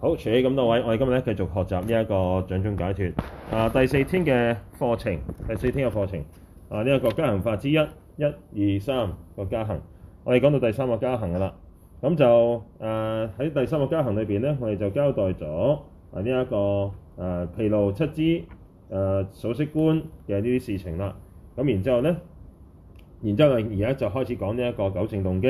好，除咗咁多位，我哋今日咧繼續學習呢一個掌中解脫啊第四天嘅課程，第四天嘅課程啊呢一、這個加行法之一，一二三、這個加行，我哋講到第三個加行噶啦，咁就誒喺、啊、第三個加行裏邊咧，我哋就交代咗啊呢一個誒毘盧七支誒數息觀嘅呢啲事情啦，咁然之後咧，然之後啊而家就開始講呢一個糾正動機，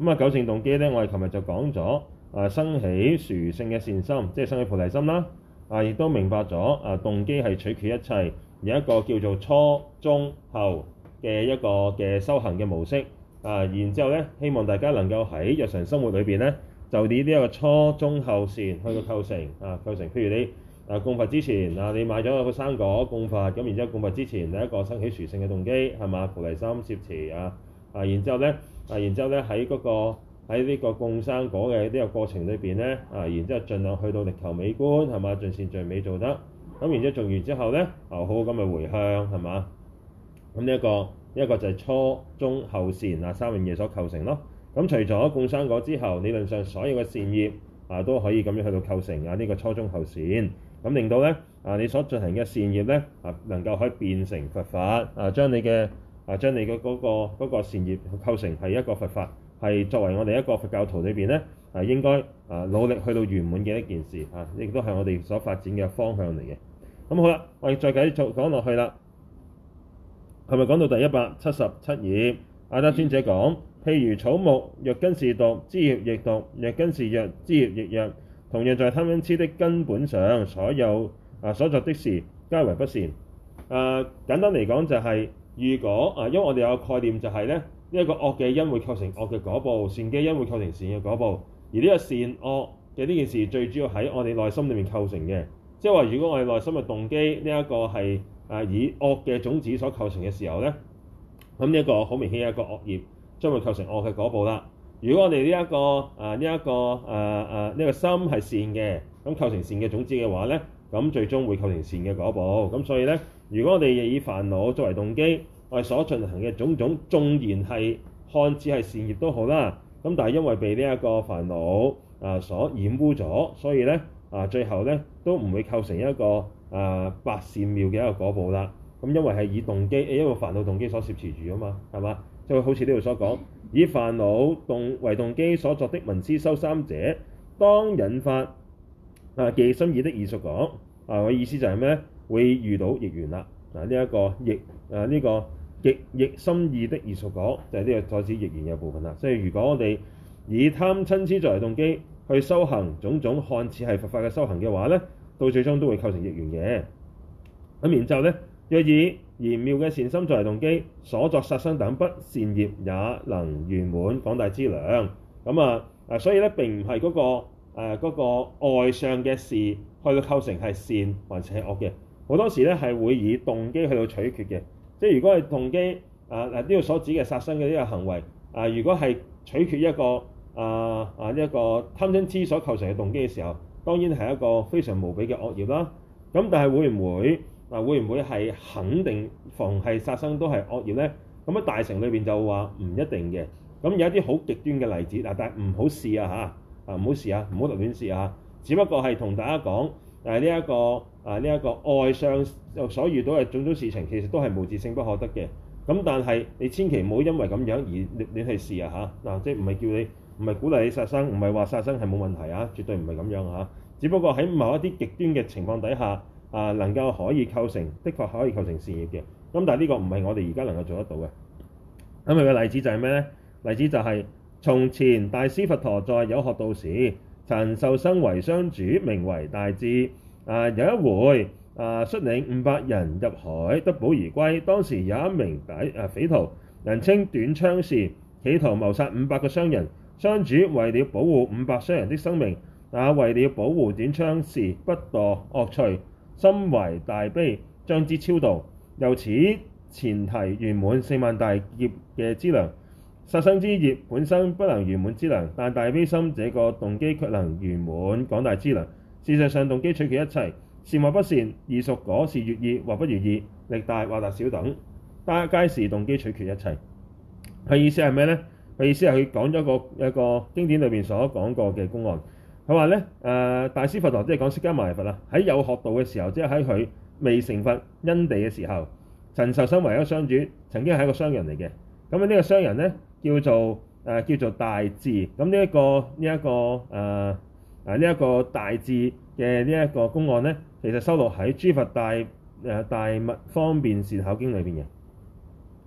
咁啊糾正動機咧，我哋琴日就講咗。啊，升起殊勝嘅善心，即係升起菩提心啦。啊，亦都明白咗啊，動機係取決一切，有一個叫做初、中、後嘅一個嘅修行嘅模式。啊，然之後咧，希望大家能夠喺日常生活裏邊咧，就以呢啲一個初、中、後善去到構成啊，構成。譬如你啊，供佛之前啊，你買咗一,一個生果供佛，咁然之後供佛之前係一個升起殊勝嘅動機，係嘛？菩提心攝持啊。啊，然之後咧，啊，然之後咧喺嗰個。啊喺呢個共生果嘅呢個過程裏邊咧，啊，然之後儘量去到力求美觀，係嘛？盡善盡美做得，咁、啊、然之後做完之後咧、啊，好咁咪回向，係嘛？咁呢一個，呢、這、一個就係初、中、後善啊三樣嘢所構成咯。咁、啊、除咗共生果之後，理論上所有嘅善業啊都可以咁樣去到構成啊呢、這個初、中、後善，咁、啊、令到咧啊你所進行嘅善業咧啊能夠可以變成佛法啊，將你嘅啊將你嘅嗰、那個嗰、那個那個善業構成係一個佛法。係作為我哋一個佛教徒裏邊咧，係應該啊努力去到圓滿嘅一件事啊，亦都係我哋所發展嘅方向嚟嘅。咁、嗯、好啦，我哋再繼續講落去啦，係咪講到第一百七十七頁？阿德尊者講：譬如草木，若根是毒，枝葉亦毒；若根是藥，枝葉亦藥。同樣在貪瞋痴的根本上，所有啊所作的事皆為不善。誒、啊、簡單嚟講就係、是，如果啊，因為我哋有個概念就係咧。一個惡嘅因會構成惡嘅果報，善嘅因會構成善嘅果報。而呢一個善惡嘅呢件事，最主要喺我哋內心裏面構成嘅。即係話，如果我哋內心嘅動機呢一個係誒以惡嘅種子所構成嘅時候咧，咁呢一個好明顯係一個惡業，將會構成惡嘅果報啦。如果我哋呢一個誒呢一個誒誒呢個心係善嘅，咁構成善嘅種子嘅話咧，咁最終會構成善嘅果報。咁所以咧，如果我哋以煩惱作為動機，我哋所進行嘅種種，縱然係看似係善業都好啦，咁但係因為被呢一個煩惱啊、呃、所染污咗，所以咧啊、呃、最後咧都唔會構成一個啊、呃、百善妙嘅一個果報啦。咁、嗯、因為係以動機，呃、因為煩惱動機所攝持住啊嘛，係嘛？就好似呢度所講，以煩惱為動機所作的聞思修三者，當引發啊極不悅意的異熟果啊，我意思就係咩？會遇到逆緣啦。嗱，呢一個逆，誒、啊、呢、這個逆逆心意的異熟果，就係、是、呢個在此逆緣嘅部分啦。所以如果我哋以貪瞋癡作為動機去修行種種看似係佛法嘅修行嘅話咧，到最終都會構成逆緣嘅。咁然之後咧，若以賢妙嘅善心作為動機，所作殺生等不善業也能圓滿廣大資糧。咁啊，啊所以咧並唔係嗰個誒嗰、啊那個外相嘅事去到構成係善還是係惡嘅。好多時咧係會以動機去到取決嘅，即係如果係動機啊嗱呢個所指嘅殺生嘅呢個行為啊，如果係取決一個啊啊一個貪嗔痴所構成嘅動機嘅時候，當然係一個非常無比嘅惡業啦。咁但係會唔會嗱、啊、會唔會係肯定逢係殺生都係惡業咧？咁喺大乘裏邊就話唔一定嘅。咁有一啲好極端嘅例子嗱，但係唔好試啊吓，啊唔好、啊、試啊唔好亂試啊，只不過係同大家講。但係呢一個啊，呢、這、一個愛上所遇到嘅種種事情，其實都係無自性不可得嘅。咁但係你千祈唔好因為咁樣而亂去試啊！嚇、啊、嗱，即係唔係叫你，唔係鼓勵你殺生，唔係話殺生係冇問題啊，絕對唔係咁樣啊。只不過喺某一啲極端嘅情況底下，啊能夠可以構成，的確可以構成善業嘅。咁但係呢個唔係我哋而家能夠做得到嘅。咁佢嘅例子就係咩咧？例子就係、是、從前大師佛陀在有學道時，曾受生為商主，名為大志。啊！有一回，啊，率領五百人入海得寶而歸。當時有一名匪啊匪徒，人稱短槍士，企圖謀殺五百個商人。商主為了保護五百商人的生命，也、啊、為了保護短槍士不墮惡趣，心懷大悲，將之超度。由此前提圓滿四萬大劫嘅資糧，殺生之業本身不能圓滿資糧，但大悲心這個動機卻能圓滿廣大資糧。事實上，動機取決一切，善或不善，異熟果是悅意或不如意，力大或力小等。大家皆是動機取決一切。佢 意思係咩呢？佢意思係佢講咗個一個經典裏面所講過嘅公案，佢話呢，誒、呃、大師佛陀即係講釋迦牟尼佛啊，喺有學道嘅時候，即係喺佢未成佛因地嘅時候，曾受身為一個商主，曾經係一個商人嚟嘅。咁呢個商人呢，叫做誒、呃、叫做大志。咁呢一個呢一、這個誒。這個呃誒呢一個大志嘅呢一個公案咧，其實收錄喺《諸佛大誒、呃、大物方便善巧經裏面》裏邊嘅。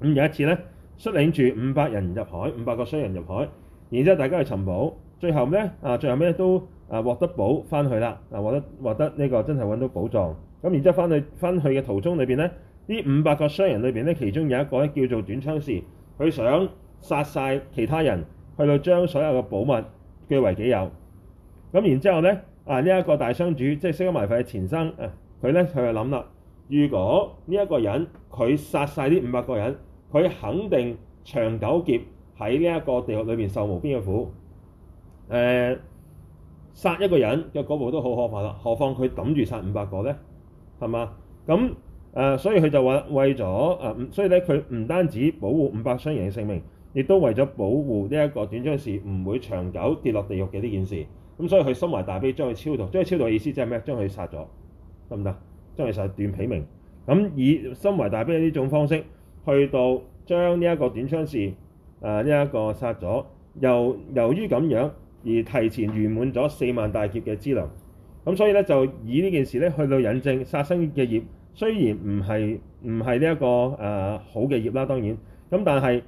咁有一次咧，率領住五百人入海，五百個商人入海，然之後大家去尋寶，最後咧啊，最後咩都啊獲得寶翻去啦。啊，獲得獲、啊、得呢、呢個真係揾到寶藏。咁、啊、然之後翻去翻去嘅途中裏邊咧，面呢五百個商人裏邊咧，其中有一個咧叫做短槍士，佢想殺晒其他人，去到將所有嘅寶物據為己有。咁、嗯、然之後咧，啊呢一、這個大商主即係收埋費嘅前身，佢咧佢就諗啦。如果呢一個人佢殺晒呢五百個人，佢肯定長久劫喺呢一個地獄裏面受無邊嘅苦。誒、啊、殺一個人嘅部都好可怕啦，何況佢揼住殺五百個咧？係嘛？咁誒、啊，所以佢就話為咗誒、啊，所以咧佢唔單止保護五百商人嘅性命，亦都為咗保護呢一個短槍事唔會長久跌落地獄嘅呢件事。咁、嗯、所以佢心懷大悲將佢超度，將佢超度嘅意思即係咩？將佢殺咗得唔得？將佢殺斷彼命。咁、嗯、以心懷大悲呢種方式去到將呢一個短槍士啊呢一個殺咗，又由,由於咁樣而提前圓滿咗四萬大劫嘅資糧。咁、嗯、所以咧就以呢件事咧去到引證殺生嘅業，雖然唔係唔係呢一個誒、呃、好嘅業啦，當然。咁、嗯、但係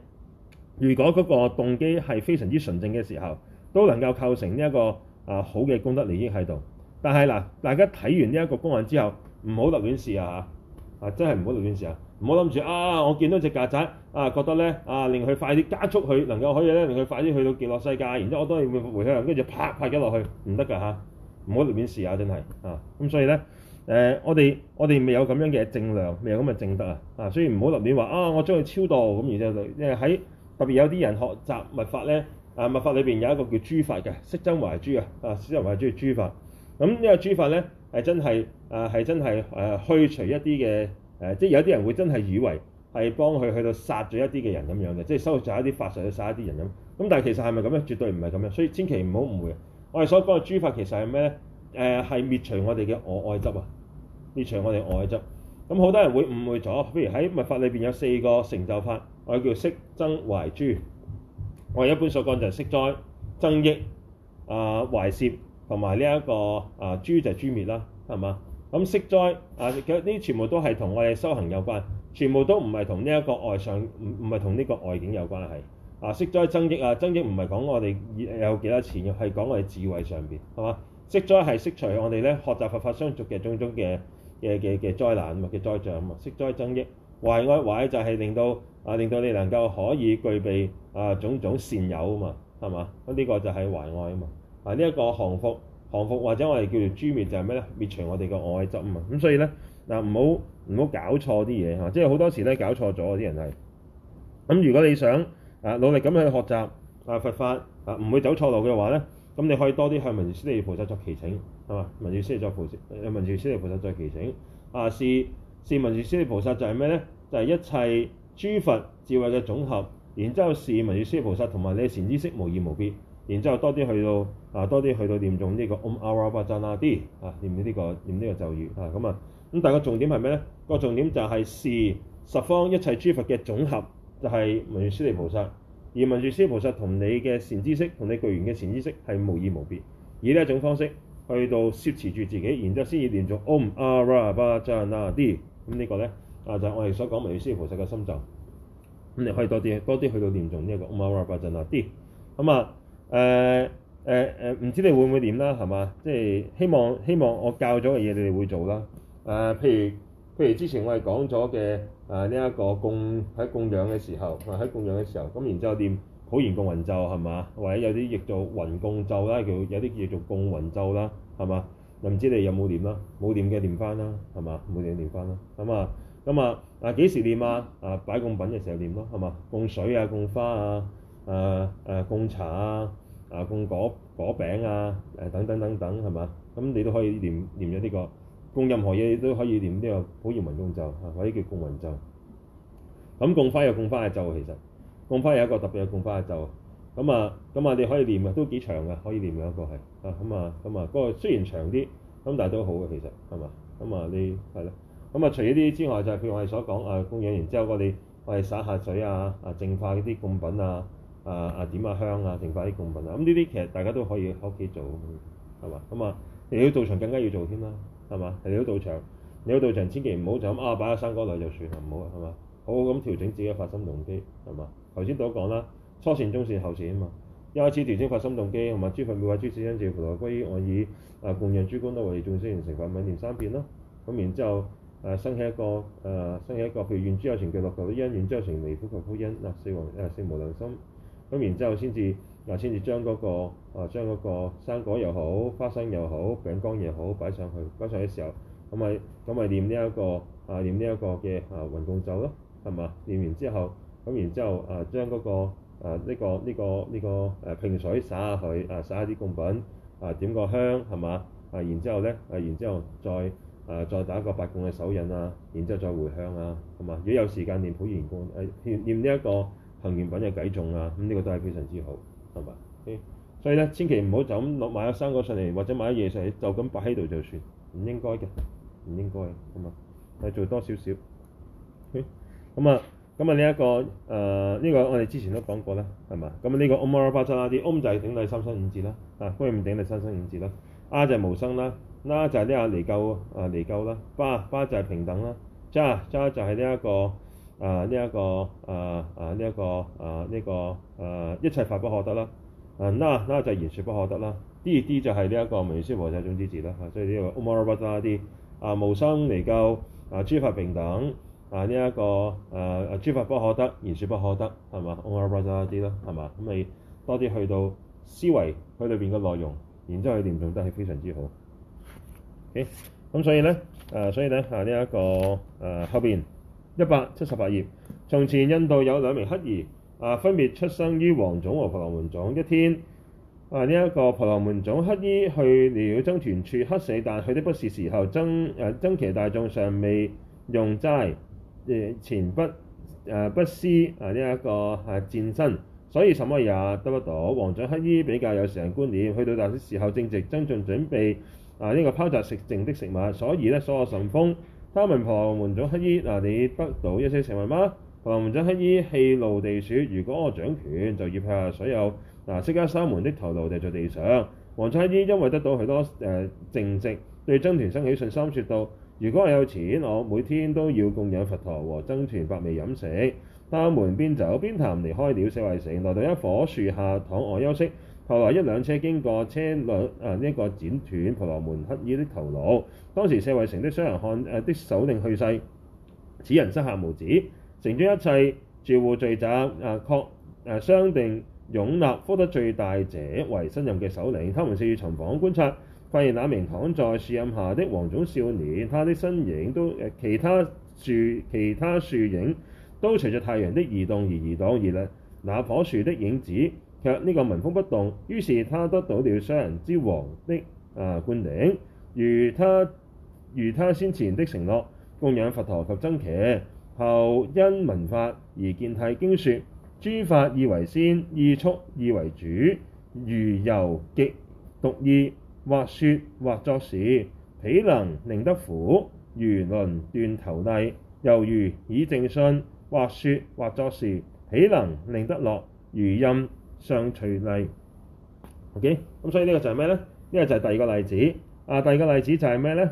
如果嗰個動機係非常之純正嘅時候，都能夠構成呢、這、一個。啊，好嘅功德利益喺度，但係嗱，大家睇完呢一個公案之後，唔好立亂試啊！啊，真係唔好立亂試啊！唔好諗住啊，我見到隻曱甴啊，覺得咧啊，令佢快啲加速，佢能夠可以咧令佢快啲去到極樂世界，然之後我都可以回向，跟住啪拍咗落去，唔得㗎嚇！唔好立亂試啊，真係啊，咁、嗯、所以咧，誒、呃，我哋我哋未有咁樣嘅正量，未有咁嘅正德啊！啊，所以唔好立亂話啊，我將佢超度，咁然之後，即係喺特別有啲人學習密法咧。啊！密法裏邊有一個叫誅法嘅，息增懷誅啊！啊，息增懷誅，誅法。咁呢個誅法咧，係真係啊，係真係誒、啊，去除一啲嘅誒，即、啊、係、就是、有啲人會真係以為係幫佢去到殺咗一啲嘅人咁樣嘅，即、啊、係、就是、收集一啲法術去殺一啲人咁。咁、啊、但係其實係咪咁咧？絕對唔係咁樣。所以千祈唔好誤會。我哋所講嘅誅法其實係咩咧？誒、啊，係滅除我哋嘅我愛執啊，滅除我哋我愛執。咁好多人會誤會咗。譬如喺密法裏邊有四個成就法，我哋叫息增懷誅。我一般所講就係息災、增益、啊懷攝同埋呢一個啊誅、呃、就誅滅啦，係嘛？咁息災啊，其實呢全部都係同我哋修行有關，全部都唔係同呢一個外上唔唔係同呢個外境有關係。啊、呃，息災增益啊，增益唔係講我哋有幾多錢，係講我哋智慧上邊，係嘛？息災係息除我哋咧學習佛法相續嘅種種嘅嘅嘅嘅災難啊嘛，嘅災障啊嘛，息災增益。懷愛懷愛就係令到啊，令到你能夠可以具備啊種種善友啊嘛，係嘛？咁呢個就係懷愛啊嘛。啊呢一、這個降伏降伏或者我哋叫做誅滅就係咩咧？滅除我哋個愛執啊嘛。咁、啊、所以咧嗱，唔好唔好搞錯啲嘢嚇，即係好多時咧搞錯咗啲人係。咁、啊、如果你想啊努力咁去學習啊佛法啊，唔會走錯路嘅話咧，咁你可以多啲向文殊師利菩薩作祈請係嘛？文殊師利菩薩文殊師利菩薩作祈請啊，啊 si、是是文殊師利菩薩就係咩咧？就係一切諸佛智慧嘅總合，然之後是文殊師利菩薩同埋你嘅善知識無二無別，然之後多啲去到啊，多啲去到念誦呢、這個 om a r a b a j a n a d 啊，念呢、這個念呢個咒語啊，咁啊，咁但係個重點係咩咧？那個重點就係、是、是十方一切諸佛嘅總合，就係、是、文殊師利菩薩，而文殊師利菩薩同你嘅善知識，同你具緣嘅善知識係無二無別，以呢一種方式去到攝持住自己，然之後先至念誦 om a r a b a j a n a d，咁呢個咧。啊！就是、我哋所講，明月菩薩嘅心咒，咁你可以多啲多啲去到念、這個。習呢一個阿彌羅法陣啊啲咁啊誒誒誒，唔、呃呃呃、知你會唔會念啦？係嘛？即、就、係、是、希望希望我教咗嘅嘢，你哋會做啦。誒、啊，譬如譬如之前我係講咗嘅誒呢一個供喺供養嘅時候，啊喺供養嘅時候，咁、啊、然之後念普賢共雲咒係嘛？或者有啲亦做雲共咒啦，有叫有啲叫做共雲咒啦，係嘛？又唔知你有冇念啦，冇念嘅念翻啦，係嘛？冇念念翻啦，咁啊～咁、嗯、啊，嗱幾時唸啊，啊？啊，擺供品嘅時候唸咯，係嘛？供水啊，供花啊，誒誒供茶啊，啊供果果餅啊，誒、啊、等等等等係嘛？咁你可、這個、都可以唸唸咗呢個供任何嘢，都可以唸呢個普賢文供咒、啊，或者叫共文咒。咁供花有供花嘅咒其實，供花有一個特別有供花嘅咒。咁啊咁啊，你可以唸啊，都幾長嘅，可以唸有一個係啊，咁啊咁啊，不、那、過、個、雖然長啲，咁但係都好嘅其實係嘛？咁啊你係咯。咁啊，除咗呢啲之外，就係、譬如我哋所講啊，供養完之後我，我哋我哋灑下水啊，啊淨化嗰啲供品啊，啊啊點下、啊、香啊，淨化啲供品啊。咁呢啲其實大家都可以喺屋企做，係嘛？咁啊，你要到道場更加要做添啦，係嘛？你要到道場，你要到道場千祈唔好就咁啊擺阿生果類就算，唔好係嘛？好好咁調整自己嘅發心動機，係嘛？頭先都講啦，初善、中善、後善啊嘛。一開始調整發心動機，同埋諸佛妙法諸師恩智，佛陀歸依我以啊、呃、供養諸功德為眾生成佛，敏練三遍咯。咁然之後。誒、啊、生起一個誒、呃、生起一個，譬如願諸有情具樂求歡，願諸有情離苦求歡。嗱，四王誒四無量心，咁然之後、啊、先至話先至將嗰個誒將嗰個生果又好，花生又好，餅乾又好擺、啊、上去。擺上去嘅時候咁咪咁咪唸呢一個誒、啊、唸呢一個嘅誒雲供咒咯，係嘛？念完之後咁然之後誒、啊啊、將嗰、呢個呢、啊這個呢、啊這個呢個誒瓶水灑下去誒灑啲供品誒、啊、點個香，係嘛？誒然之後咧誒然之後再。啊啊啊啊啊啊誒、呃、再打一個八供嘅手印啊，然之後再回向啊，係嘛？如果有時間念普賢觀誒，念念呢一個行願品嘅偈頌啊，咁、這、呢個都係非常之好，係嘛？Okay. 所以咧，千祈唔好就咁落買咗生果上嚟，或者買咗嘢上嚟就咁擺喺度就算，唔應該嘅，唔應該，係嘛？係做多少少，咁啊，咁啊呢一個誒呢個我哋之前都講過啦，係嘛？咁呢個 Omara 巴扎拉啲 Om 就係頂禮三生五字啦，啊觀音頂禮三生五字啦，阿就無生啦。拉就係呢、這個離垢啊，離垢啦；巴巴就係平等啦；揸揸就係呢一個啊，呢、這、一個啊、這個、啊呢一、這個啊呢、啊啊這個啊一切法不可得啦；啊拉拉就係言說不可得啦。啲二啲就係呢一個文殊師利菩薩種子字啦，所以呢、這個 om a ra ba da 啲啊無生離垢啊諸法平等啊呢一、這個啊啊諸法不可得，言說不可得係嘛，om a ra ba da 啲咯，係嘛，咁你多啲去到思維佢裏邊嘅內容，然之後去念仲得係非常之好。咁、okay, 所以咧，誒、呃、所以咧，啊呢一、這個誒、啊、後邊一百七十八頁，從前印度有兩名乞兒，啊分別出生於王種和婆羅門種。一天，啊呢一、這個婆羅門種乞兒去了僧團處乞食，但去的不是時候，僧誒僧伽大眾尚未用齋，誒、呃、前不誒、啊、不施啊呢一、這個誒、啊、薦新，所以什麼也得不到。王種乞兒比較有時間觀念，去到達的時,時候正值增盡準備。嗱呢、啊這個拋擲食剩的食物，所以咧，所有順風。他問婆羅門種乞兒，嗱、啊、你得到一些食物嗎？婆羅門種乞兒氣怒地說，如果我掌權，就滅殺所有嗱，釋迦沙門的頭顱掉在地上。王種乞兒因為得到許多誒剩食，對僧團生起信心，説道：如果我有錢，我每天都要供養佛陀和僧團百味飲食。他們邊走邊談，離開了捨衛城，來到一棵樹下躺臥休息。後來一輛車經過車，車輪啊呢、這個剪斷婆羅門乞兒的頭顱。當時舍衛城的商人看誒、啊、的首領去世，此人膝下無子，城中一切住戶聚集啊確誒商、啊、定擁立福德最大者為新任嘅首領。他們四處巡訪觀察，發現那名躺在樹蔭下的王種少年，他的身影都誒其他樹其他樹影都隨着太陽的移動而移動而嘞，那棵樹的影子。卻呢個文風不動，於是他得到了商人之王的啊灌頂。如他如他先前的承諾，供養佛陀及僧伽。後因聞法而見諦。經説，諸法意為先，意速意為主。如由極毒意，或説或作事，彼能令得苦，如輪斷頭例，又如以淨信，或説或作事，彼能令得樂，如蔭相隨例，OK，咁、嗯、所以呢個就係咩咧？呢、這個就係第二個例子。啊，第二個例子就係咩咧？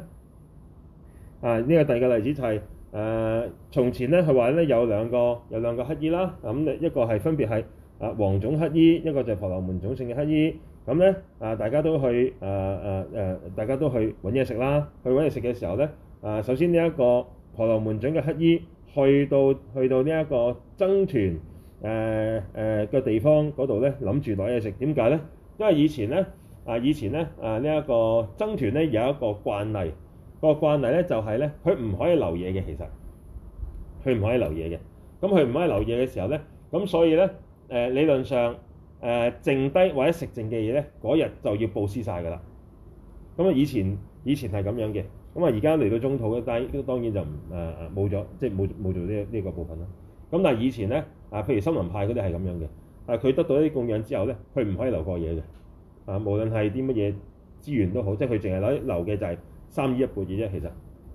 啊，呢個第二個例子就係誒，從前咧，佢話咧有兩個有兩個乞兒啦。咁、啊、一個係分別係啊，王種乞兒，一個就係婆羅門種姓嘅乞兒。咁咧啊，大家都去誒誒誒，大家都去揾嘢食啦。去揾嘢食嘅時候咧，啊，首先呢一個婆羅門種嘅乞兒去到去到呢一個僧團。誒誒嘅地方嗰度咧，諗住攞嘢食，點解咧？因為以前咧啊、呃，以前咧啊呢一、呃這個僧團咧有一個慣例，這個慣例咧就係、是、咧，佢唔可以留嘢嘅。其實佢唔可以留嘢嘅。咁佢唔可以留嘢嘅時候咧，咁所以咧誒、呃、理論上誒、呃、剩低或者食剩嘅嘢咧，嗰日就要布施晒㗎啦。咁啊，以前以前係咁樣嘅。咁啊，而家嚟到中土咧，但係當然就唔誒冇咗，即係冇冇做呢呢個部分啦。咁但係以前咧。啊，譬如森林派嗰啲係咁樣嘅，啊，佢得到一啲供養之後咧，佢唔可以留過夜嘅，啊，無論係啲乜嘢資源都好，即係佢淨係攞留嘅就係三衣一缽嘅啫，其實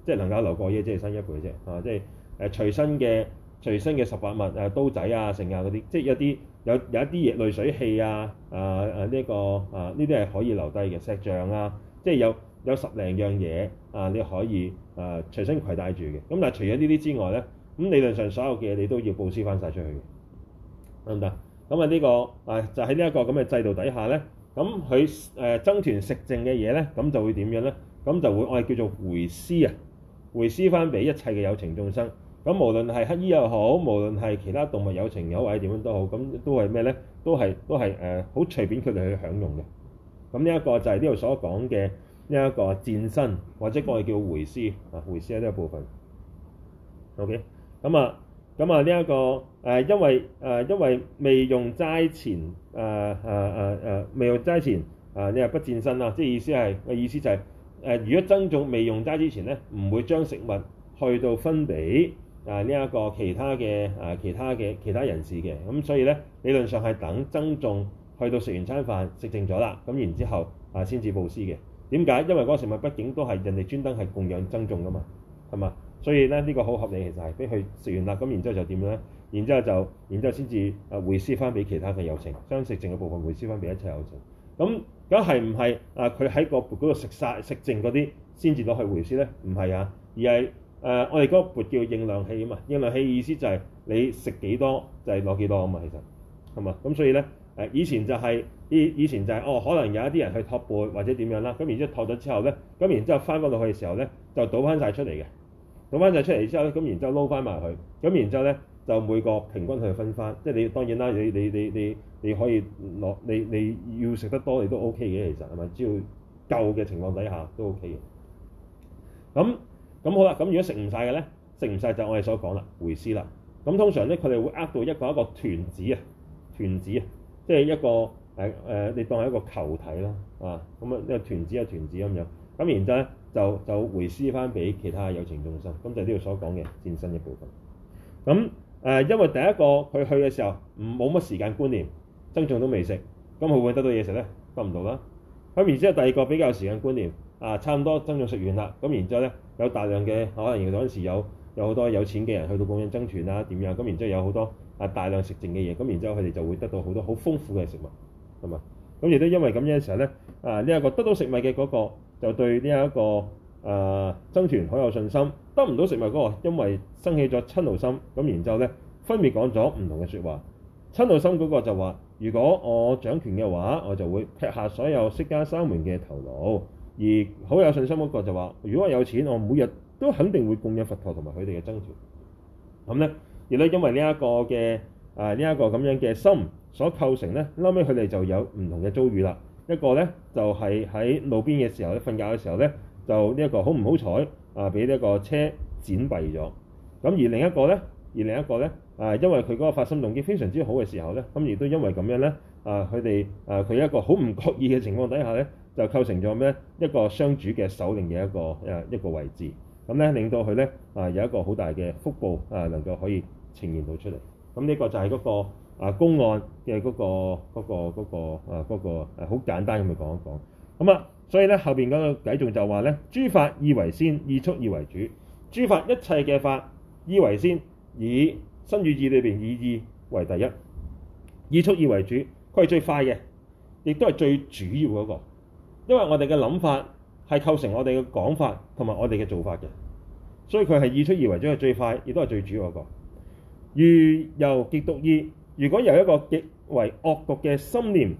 即係能夠留過夜即係三衣一缽嘅啫，啊即係誒、啊、隨身嘅隨身嘅十八物啊刀仔啊剩啊嗰啲，即係一啲有有一啲嘢濾水器啊啊啊呢、這個啊呢啲係可以留低嘅石像啊，即係有有十零樣嘢啊，你可以啊隨身攜帶住嘅，咁、啊、但係除咗呢啲之外咧。啊咁理論上所有嘅嘢你都要布施翻晒出去，得唔得？咁、呢個、啊呢、就是、個啊就喺呢一個咁嘅制度底下咧，咁佢誒僧團食剩嘅嘢咧，咁就會點樣咧？咁就會我哋叫做回施啊，回施翻俾一切嘅有情眾生。咁無論係乞兒又好，無論係其他動物有情又或者點樣都好，咁都係咩咧？都係都係誒好隨便佢哋去享用嘅。咁呢一個就係呢度所講嘅呢一個戰身，或者我哋叫回施啊，回施呢一部分。OK。咁啊，咁啊呢一個誒，因為誒因為未用齋前誒誒誒誒未用齋前啊，你話不薦新啦、啊，即係意思係嘅意思就係誒，如果僧眾未用齋之前咧，唔會將食物去到分俾啊呢一、這個其他嘅啊其他嘅其他人士嘅，咁、啊、所以咧理論上係等僧眾去到食完餐飯食淨咗啦，咁然之後啊先至佈施嘅。點解？因為嗰食物畢竟都係人哋專登係供養僧眾噶嘛，係嘛？所以咧呢、這個好合理，其實係俾佢食完啦，咁然之後就點咧？然之後就然之後先至啊，回施翻俾其他嘅有情，將食剩嘅部分回施翻俾一切有情。咁如果係唔係啊？佢喺、呃、個缽嗰度食晒食剩嗰啲先至攞去回施咧？唔係啊，而係誒、呃、我哋嗰個缽叫應量器啊嘛，應量器意思就係你食幾多就係攞幾多啊嘛，其實係嘛？咁、嗯、所以咧誒、呃、以前就係、是、以以前就係、是、哦，可能有一啲人去托缽或者點樣啦，咁然後之後托咗之後咧，咁然之後翻返落去嘅時候咧就倒翻晒出嚟嘅。咁翻曬出嚟之後咧，咁然之後撈翻埋佢，咁然之後咧就每個平均去分翻，即係你當然啦，你你你你你可以攞你你要食得多你都 O K 嘅，其實係咪？只要夠嘅情況底下都 O K 嘅。咁咁好啦，咁如果食唔晒嘅咧，食唔晒就我哋所講啦，回師啦。咁通常咧，佢哋會呃到一個一個團子啊，團子啊，即係一個誒誒、呃，你當係一個球體啦啊，咁啊一個團子一個團子咁樣，咁然之後咧。就就回施翻俾其他有情眾生，咁就呢度所講嘅薦新嘅部分。咁誒、呃，因為第一個佢去嘅時候唔冇乜時間觀念，僧眾都未食，咁佢會唔會得到嘢食咧？得唔到啦。咁然之後第二個比較有時間觀念，啊，差唔多僧眾食完啦，咁然之後咧有大量嘅可能嗰陣時有有好多有錢嘅人去到供養僧團啦點樣，咁然之後有好多啊大量食剩嘅嘢，咁然之後佢哋就會得到好多好豐富嘅食物，係咪？咁亦都因為咁樣嘅時候咧，啊呢一、這個得到食物嘅嗰、那個。就對呢、這、一個誒僧、呃、團好有信心，得唔到食物嗰、那個因為生起咗瞋怒心，咁然之後咧分別講咗唔同嘅説話。瞋怒心嗰個就話：如果我掌權嘅話，我就會劈下所有釋迦沙門嘅頭腦。而好有信心嗰個就話：如果我有錢，我每日都肯定會供養佛陀同埋佢哋嘅僧團。咁咧，而咧因為呢一個嘅誒呢一個咁樣嘅心所構成咧，後尾佢哋就有唔同嘅遭遇啦。一個咧就係、是、喺路邊嘅時候咧，瞓覺嘅時候咧，就呢一個好唔好彩啊，俾呢一個車剪斃咗。咁而另一個咧，而另一個咧啊，因為佢嗰個發心動機非常之好嘅時候咧，咁、嗯、亦都因為咁樣咧啊，佢哋啊，佢一個好唔覺意嘅情況底下咧，就構成咗咩一個商主嘅首領嘅一個誒、啊、一個位置。咁、啊、咧令到佢咧啊有一個好大嘅福報啊能夠可以呈現到出嚟。咁呢個就係嗰個。啊公案嘅嗰、那個嗰、那個嗰、那個嗰、那個好，啊那個啊，簡單咁去講一講咁啊，所以咧後邊嗰個偈仲就話咧，諸法意為先，意速意為主。諸法一切嘅法意為先，以身語意裏邊以意為第一，意速意為主，佢係最快嘅，亦都係最主要嗰、那個。因為我哋嘅諗法係構成我哋嘅講法同埋我哋嘅做法嘅，所以佢係意速意為主係最快，亦都係最主要嗰、那個。如由極毒意。如果由一個極為惡毒嘅心念，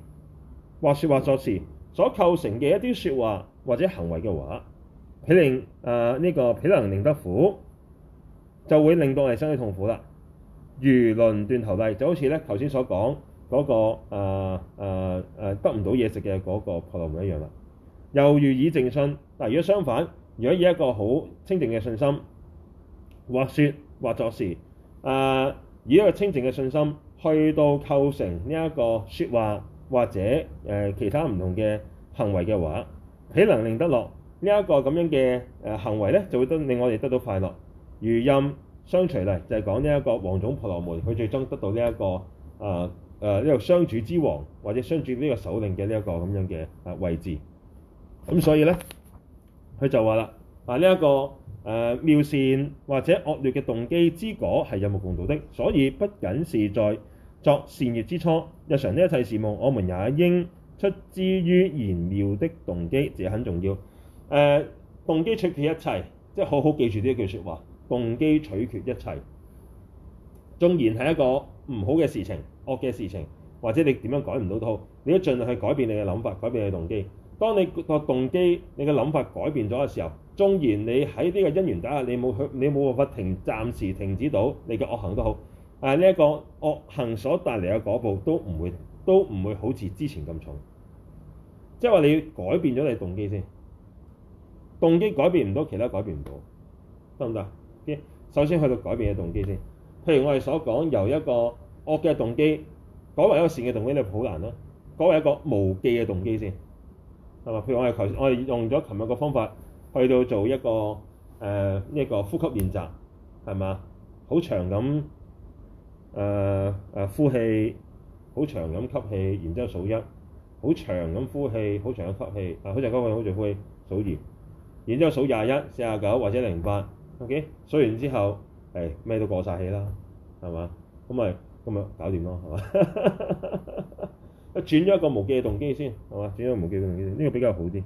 或説或作事所構成嘅一啲説話或者行為嘅話，彼令誒呢、呃這個彼能令得苦，就會令到我哋生起痛苦啦。如輪斷頭例，就好似咧頭先所講嗰、那個誒誒、呃呃、得唔到嘢食嘅嗰個婆羅門一樣啦。又如以淨信，但如果相反，如果以一個好清淨嘅信心，或説或作事誒、呃，以一個清淨嘅信心。去到構成呢一個説話或者誒、呃、其他唔同嘅行為嘅話，彼能令得樂，呢一個咁樣嘅誒、呃、行為咧，就會得令我哋得到快樂。如蔭相隨例，就係、是、講呢一個王種婆羅門，佢最終得到呢、這、一個啊誒呢個商主之王或者商主呢個首領嘅呢一個咁樣嘅啊位置。咁所以咧，佢就話啦，啊呢一、這個誒、呃、妙善或者惡劣嘅動機之果係有目共睹的，所以不僅是在作善業之初，日常的一切事務，我們也應出之於賢妙的動機，這很重要。誒、呃，動機取，取決一切，即係好好記住呢一句説話：動機取決一切。縱然係一個唔好嘅事情、惡嘅事情，或者你點樣改唔到都好，你都盡量去改變你嘅諗法、改變你嘅動機。當你個動機、你嘅諗法改變咗嘅時候，縱然你喺呢個因緣底下，你冇你冇辦法停，暫時停止到你嘅惡行都好。誒，呢一個惡行所帶嚟嘅果報都唔會，都唔會好似之前咁重。即係話你要改變咗你動機先，動機改變唔到，其他改變唔到，得唔得？首先去到改變嘅動機先。譬如我哋所講，由一個惡嘅動機改為一個善嘅動機，你好難啦。改為一個無記嘅動機先，係嘛？譬如我哋求，我哋用咗琴日嘅方法去到做一個誒，呢一個呼吸練習，係嘛？好長咁。誒誒，uh, 呼氣好長咁吸氣，然之後數一，好長咁呼氣，好長咁吸氣，啊好長吸氣，好長呼氣，數二，然之後數廿一、四十九或者零八，OK，數完之後係咩、哎、都過晒氣啦，係嘛？咁咪咁咪搞掂咯，係嘛？ 轉咗一個無記嘅動機先，係嘛？轉咗無記動機先，呢個,、呢個比較好啲，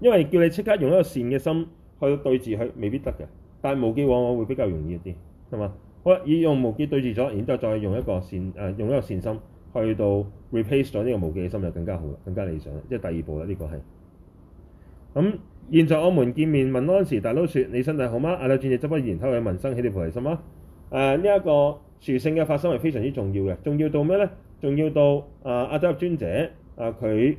因為叫你即刻用一個善嘅心去對治佢，未必得嘅。但係無記往往會比較容易一啲，係嘛？好，已用無記對住咗，然之後再用一個善誒、呃，用一個善心去到 replace 咗呢個無記心，就更加好啦，更加理想啦，即係第二步啦，呢、這個係。咁、嗯、現在我們見面問安時，大都説：你身體好嗎？阿底峽尊者則不然，偷佢問生起了菩提心啦。誒呢一個殊勝嘅發生係非常之重要嘅，重要到咩咧？重要到啊阿底峽尊者啊佢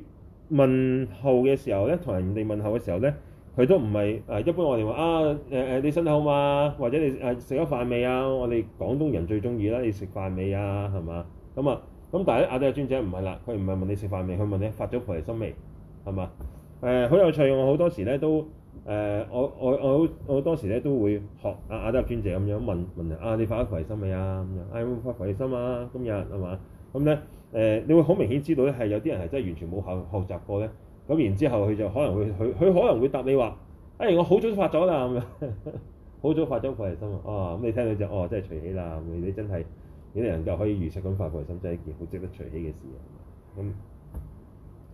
問候嘅時候咧，同人哋問候嘅時候咧。佢都唔係誒，一般我哋話啊誒誒、呃，你身體好嘛？或者你誒食咗飯未啊？我哋廣東人最中意啦，你食飯未啊？係嘛？咁啊咁，但係阿底峽尊者唔係啦，佢唔係問你食飯未，佢問你發咗菩提心未？係嘛？誒、呃、好有趣，我好多時咧都誒我我我好我好多時咧都會學阿阿底峽尊者咁樣問問人啊，你發咗菩提心未啊？咁樣哎，我發菩提心啊，今日係嘛？咁咧誒，你會好明顯知道咧係有啲人係真係完全冇學學習過咧。咁然之後，佢就可能會，佢佢可能會答你話，哎，我好早發咗啦，咁樣好早發咗菩提心啊！啊、哦，咁你聽到就哦，真係隨喜啦！你真係哋能夠可以如實咁發菩提心，真係一件好值得隨喜嘅事啊！咁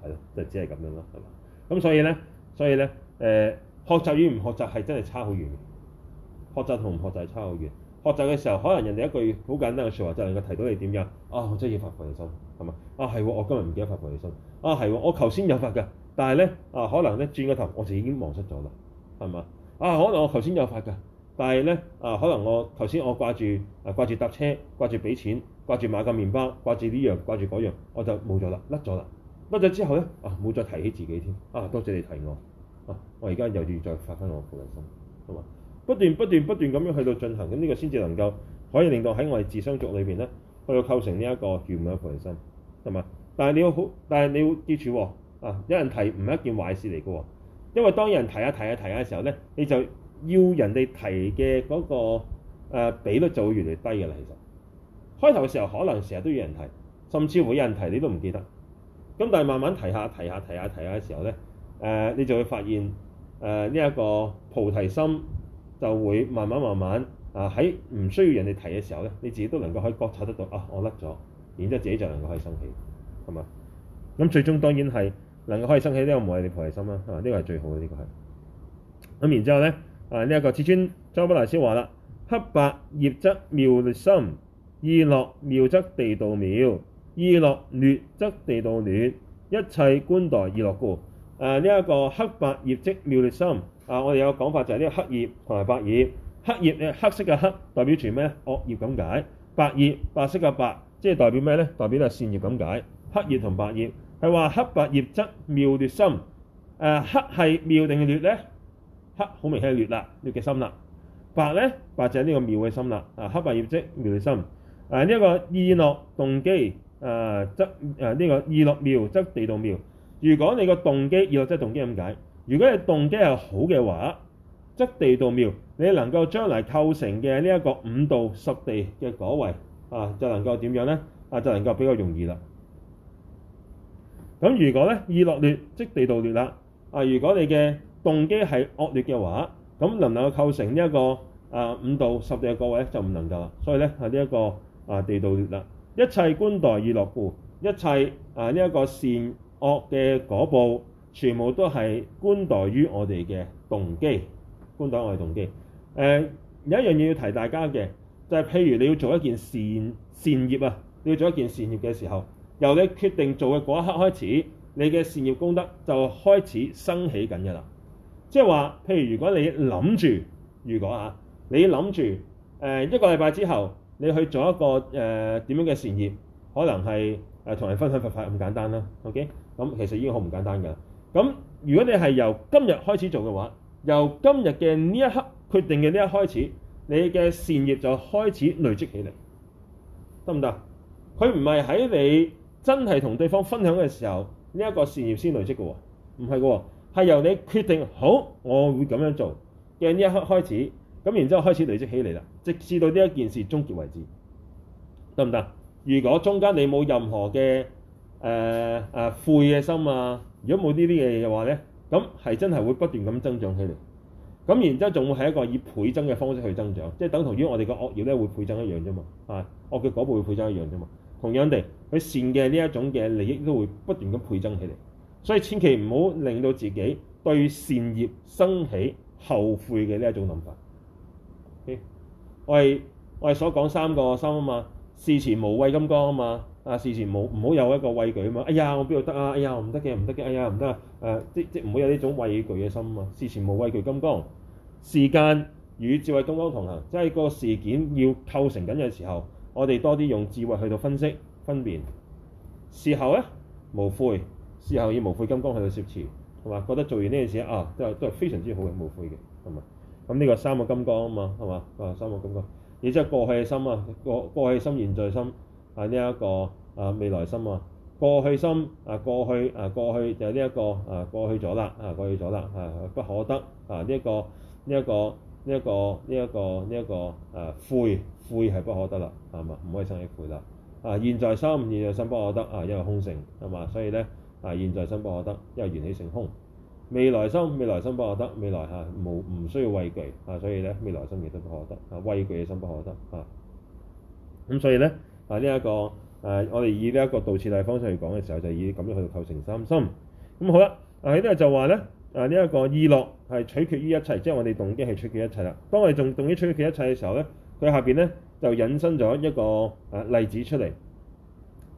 係咯，就只係咁樣咯，係嘛？咁所以咧，所以咧，誒、呃，學習與唔學習係真係差好遠嘅，學習同唔學習係差好遠。學習嘅時候，可能人哋一句好簡單嘅説話，就能、是、夠提到你點樣。啊，我真係要發菩提心，係咪？啊，係喎、啊，我今日唔記得發菩提心。啊，係喎、啊，我頭先有發㗎，但係咧，啊，可能咧轉個頭，我就已經忘失咗啦，係嘛？啊，可能我頭先有發㗎，但係咧，啊，可能我頭先我掛住、啊、掛住搭車，掛住俾錢，掛住買個麵包，掛住呢樣，掛住嗰樣，我就冇咗啦，甩咗啦，甩咗之後咧，啊，冇再提起自己添。啊，多謝你提我。啊，我而家又要再發翻我菩提心，係嘛？不斷不斷不斷咁樣去到進行，咁呢個先至能夠可以令到喺我哋智商族裏邊咧去到構成呢一個圓嘅菩提心，係嘛？但係你要好，但係你要記住喎、哦，啊，有人提唔係一件壞事嚟㗎喎，因為當有人提下、啊、提下、啊、提下、啊、嘅、啊、時候咧，你就要人哋提嘅嗰、那個、呃、比率就會越嚟越低嘅啦。其實開頭嘅時候可能成日都有人提，甚至會有人提你都唔記得。咁但係慢慢提下、啊、提下、啊、提下、啊、提下、啊、嘅、啊、時候咧，誒、呃、你就會發現誒呢一個菩提心。就會慢慢慢慢啊喺唔需要人哋提嘅時候咧，你自己都能夠可以覺察得到啊！我甩咗，然之後自己就能夠能夠可以生氣，係嘛？咁最終當然係能夠可以生起呢個無偽嘅菩提心啦，係嘛？呢個係最好嘅，這個啊、呢、啊這個係咁，然之後咧啊呢一個至尊宗喀巴大師話啦：黑白業即妙劣心，意樂妙則地道妙，意樂劣則地道劣，一切觀待意樂故。啊呢一、這個黑白業即妙劣心。啊！Uh, 我哋有個講法就係呢個黑業同埋白業。黑業咧，黑色嘅黑代表住咩咧？惡業咁解。白業白色嘅白即係代表咩咧？代表就係善業咁解。黑業同白業係話黑白業即妙劣心。呃，誒黑係妙定嘅劣咧？黑好明顯係劣啦，劣嘅心啦。白咧，白就係呢個妙嘅心啦。啊，黑白業即妙劣心。誒呢一個意樂動機誒則誒呢個意樂妙則地道妙。如果你個動機意樂即係動機咁解？如果你動機係好嘅話，則地道妙，你能夠將嚟構成嘅呢一個五道十地嘅果位啊，就能夠點樣咧？啊，就能夠、啊、比較容易啦。咁如果咧意樂劣，則地道劣啦。啊，如果你嘅動機係惡劣嘅話，咁能能夠構成呢、這、一個啊五道十地嘅果位就唔能夠啦。所以咧喺呢一、這個啊地道劣啦，一切觀待意樂故，一切啊呢一、這個善惡嘅果報。全部都係觀待於我哋嘅動機，觀待我哋動機。誒、呃、有一樣嘢要提大家嘅，就係、是、譬如你要做一件善善業啊，你要做一件善業嘅時候，由你決定做嘅嗰一刻開始，你嘅善業功德就開始升起緊㗎啦。即係話，譬如如果你諗住，如果啊，你諗住誒一個禮拜之後，你去做一個誒點、呃、樣嘅善業，可能係誒同人分享佛法咁簡單啦、啊。OK，咁其實已經好唔簡單㗎。咁如果你係由今日開始做嘅話，由今日嘅呢一刻決定嘅呢一開始，你嘅善業就開始累積起嚟，得唔得？佢唔係喺你真係同對方分享嘅時候，呢一個善業先累積嘅喎，唔係嘅喎，係由你決定好，我會咁樣做嘅呢一刻開始，咁然之後開始累積起嚟啦，直至到呢一件事終結為止，得唔得？如果中間你冇任何嘅誒誒悔嘅心啊？如果冇呢啲嘅嘢嘅話咧，咁係真係會不斷咁增長起嚟，咁然之後仲會係一個以倍增嘅方式去增長，即係等同於我哋個惡業咧會倍增一樣啫嘛，係惡嘅嗰部分會倍增一樣啫嘛，同樣地，佢善嘅呢一種嘅利益都會不斷咁倍增起嚟，所以千祈唔好令到自己對善業生起後悔嘅呢一種諗法。Okay? 我係我係所講三個心吖嘛。事前無畏金剛啊嘛，啊事前冇唔好有一個畏懼啊嘛，哎呀我邊度得啊，哎呀我唔得嘅唔得嘅，哎呀唔得啊，誒、呃、即即唔好有呢種畏懼嘅心啊嘛，事前無畏懼金剛，時間與智慧金剛同行，即係個事件要構成緊嘅時候，我哋多啲用智慧去到分析分辨，事後咧無悔，事後要無悔金剛去到攝持，係嘛？覺得做完呢件事啊，都係都係非常之好嘅無悔嘅，係嘛？咁呢個三個金剛啊嘛，係嘛？啊三個金剛。亦即係過去嘅心啊，過過去心、現在心係呢一個啊未來心啊。過去心啊，過去啊，過去就呢一、這個啊，過去咗啦啊，過去咗啦啊，不可得啊。呢、這、一個呢一、這個呢一、這個呢一、這個呢一個啊，悔悔係不可得啦，係嘛唔可以生起悔啦啊。現在心現在心不可得啊，因為空性係嘛，所以咧啊現在心不可得，因為緣起性空。未來心，未來心不可得，未來嚇，冇唔需要畏懼嚇、啊、所以咧未來心亦都不可得嚇、啊、畏懼嘅心不可得嚇咁、啊嗯、所以咧啊呢一、這個誒、啊、我哋以呢一個道次第方式嚟講嘅時候就以咁樣去到構成三心咁、嗯、好啦啊、這個、呢度就話咧啊呢一、這個意樂係取決於一切，即係我哋動機係取決一切啦。當我哋仲動機取決一切嘅時候咧，佢下邊咧就引申咗一個啊例子出嚟，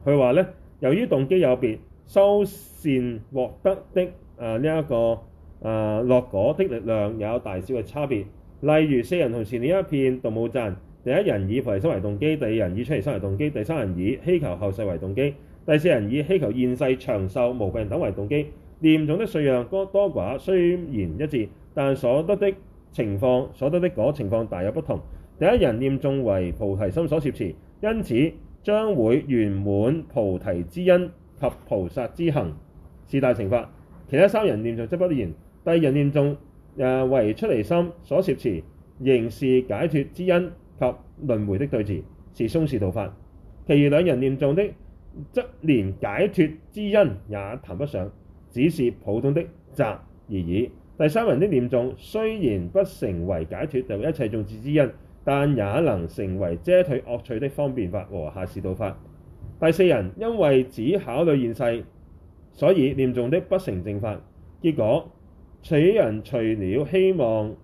佢話咧由於動機有別。修善獲得的誒呢一個誒樂，啊、果的力量有大小嘅差別。例如四人同時念呢一遍《度母讚》，第一人以菩提心為動機，第二人以出離心為動機，第三人以希求後世為動機，第四人以希求現世長壽無病等為動機。唸誦的數量多寡雖然一致，但所得的情況所得的果情況大有不同。第一人唸誦為菩提心所攝持，因此將會圓滿菩提之因。及菩薩之行是大乘法，其他三人唸誦則不然。第二人唸誦誒為出離心所攝持，仍是解脫之因及輪迴的對治，是中士道法。其餘兩人唸誦的則連解脫之因也談不上，只是普通的集而已。第三人的唸誦雖然不成為解脫到一切種智之因，但也能成為遮退惡趣的方便法和下士道法。第四人因為只考慮現世，所以唸誦的不成正法，結果此人除了希望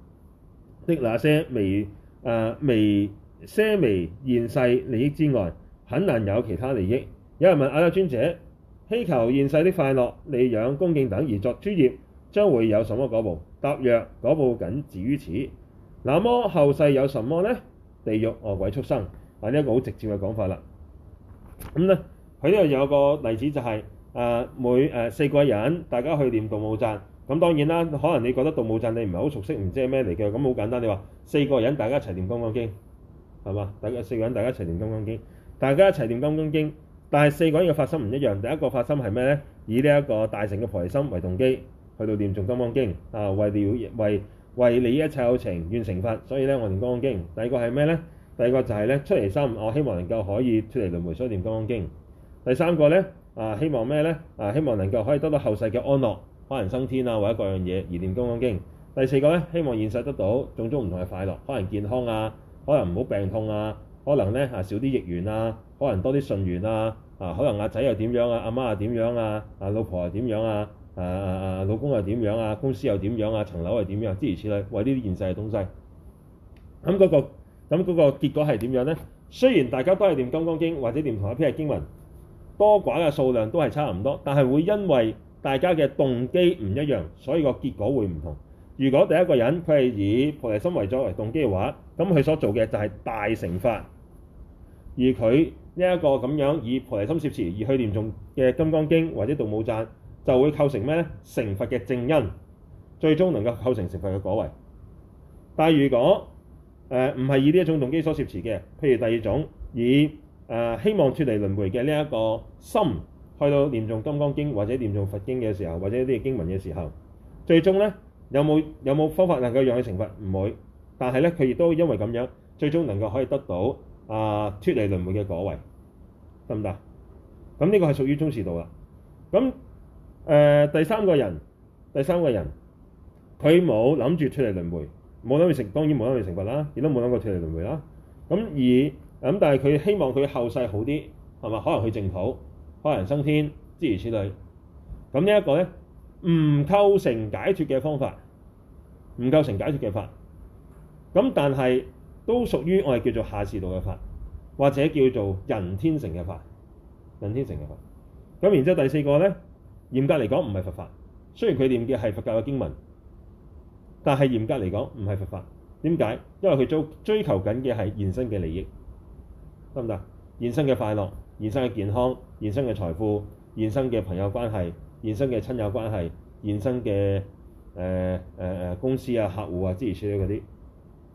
的那些微啊微些微現世利益之外，很難有其他利益。有人問阿底峽尊者：希求現世的快樂、利養、恭敬等而作諸業，將會有什麼果報？答曰：果報僅止於此。那麼後世有什麼呢？地獄惡、哦、鬼畜生。嗱呢一個好直接嘅講法啦。咁咧，佢呢度有個例子就係、是，誒、呃、每誒、呃、四個人大家去念《度母贊》，咁當然啦，可能你覺得《度母贊》你唔係好熟悉，唔知係咩嚟嘅，咁好簡單，你話四個人大家一齊念《金剛經》，係嘛？大家四個人大家一齊念《金剛經》，大家一齊唸《金剛經》，但係四個人嘅發心唔一樣，第一個發心係咩咧？以呢一個大乘嘅菩提心為動機，去到念誦《金剛經》，啊，為了為為利一切有情，願成佛，所以咧我念《金剛剛經》。第二個係咩咧？第二個就係咧，出離心，我希望能夠可以脫離輪迴所念《金剛經》。第三個咧，啊，希望咩咧？啊，希望能夠可以得到後世嘅安樂，可能升天啊，或者各樣嘢而念《金剛經》。第四個咧，希望現世得到種種唔同嘅快樂，可能健康啊，可能唔好病痛啊，可能咧啊少啲逆緣啊，可能多啲順緣啊，啊可能阿仔又點樣啊，阿媽又點樣啊，啊老婆又點樣啊，啊啊老公又點樣啊，公司又點樣啊，層樓又點樣啊，諸如此類，為呢啲現世嘅東西。咁嗰個。咁嗰個結果係點樣呢？雖然大家都係念《金剛經》或者念同一篇《經文》，多寡嘅數量都係差唔多，但係會因為大家嘅動機唔一樣，所以個結果會唔同。如果第一個人佢係以菩提心為作為動機嘅話，咁佢所做嘅就係大乘法，而佢呢一個咁樣以菩提心攝持而去念誦嘅《金剛經》或者《度母讚》，就會構成咩呢？成佛嘅正因，最終能夠構成成佛嘅果位。但如果誒唔係以呢一種動機所攝持嘅，譬如第二種，以誒、呃、希望脫離輪迴嘅呢一個心，去到念誦《金剛經》或者念誦《佛經》嘅時候，或者呢啲經文嘅時候，最終呢，有冇有冇方法能夠讓佢成佛？唔會，但係呢，佢亦都因為咁樣，最終能夠可以得到啊、呃、脫離輪迴嘅果位，得唔得？咁、嗯、呢、這個係屬於中士道啦。咁、嗯、誒、呃、第三個人，第三個人佢冇諗住脫離輪迴。冇諗住成當然冇諗去成佛啦，亦都冇諗過脱離輪迴啦。咁而咁，但係佢希望佢後世好啲，係嘛？可能去淨土，可能升天，諸如此類。咁呢一個咧，唔構成解脱嘅方法，唔構成解脱嘅法。咁但係都屬於我哋叫做下士道嘅法，或者叫做人天成嘅法，人天成嘅法。咁然之後第四個咧，嚴格嚟講唔係佛法，雖然佢念嘅係佛教嘅經文。但係嚴格嚟講唔係佛法，點解？因為佢追追求緊嘅係現身嘅利益，得唔得？現身嘅快樂、現身嘅健康、現身嘅財富、現身嘅朋友關係、現身嘅親友關係、現身嘅誒誒誒公司啊、客戶啊、諸如此類嗰啲，